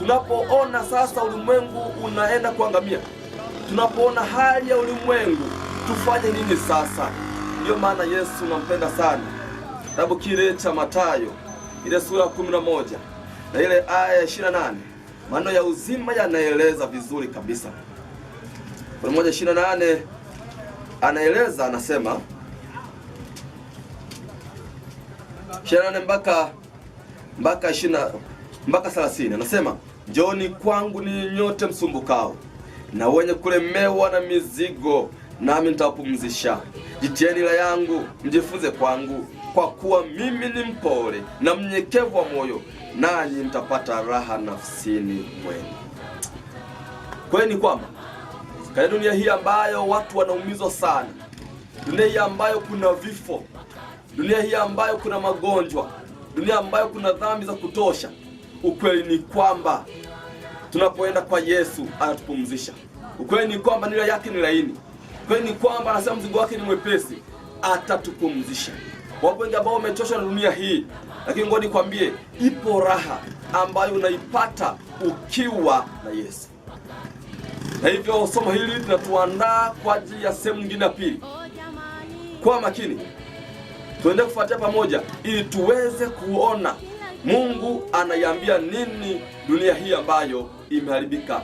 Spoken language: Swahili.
Tunapoona sasa ulimwengu unaenda kuangamia, tunapoona hali ya ulimwengu, tufanye nini sasa? Ndiyo maana Yesu nampenda sana. Kitabu kile cha Mathayo ile sura ya na moja na ile aya ya 28 nane maneno ya uzima yanaeleza vizuri kabisa. Kumi moja ishirini nane anaeleza anasema, ishirini nane mpaka mpaka mpaka 30, anasema njoni kwangu ni nyote msumbukao na wenye kulemewa na mizigo, nami nitawapumzisha. Jitieni la yangu mjifunze kwangu, kwa kuwa mimi ni mpole na mnyekevu wa moyo, nanyi mtapata raha nafsini mwenu. Kweli ni kwamba katika dunia hii ambayo watu wanaumizwa sana, dunia hii ambayo kuna vifo, dunia hii ambayo kuna magonjwa, dunia ambayo kuna dhambi za kutosha Ukweli ni kwamba tunapoenda kwa Yesu anatupumzisha. Ukweli ni kwamba nira yake ni laini. Ukweli ni kwamba anasema mzigo wake ni mwepesi, atatupumzisha. Wapo wengi ambao wamechoshwa na dunia hii, lakini ngoja nikwambie, ipo raha ambayo unaipata ukiwa na Yesu. Na hivyo somo hili linatuandaa kwa ajili ya sehemu nyingine ya pili. Kwa makini tuende kufuatia pamoja, ili tuweze kuona Mungu anaiambia nini dunia hii ambayo imeharibika?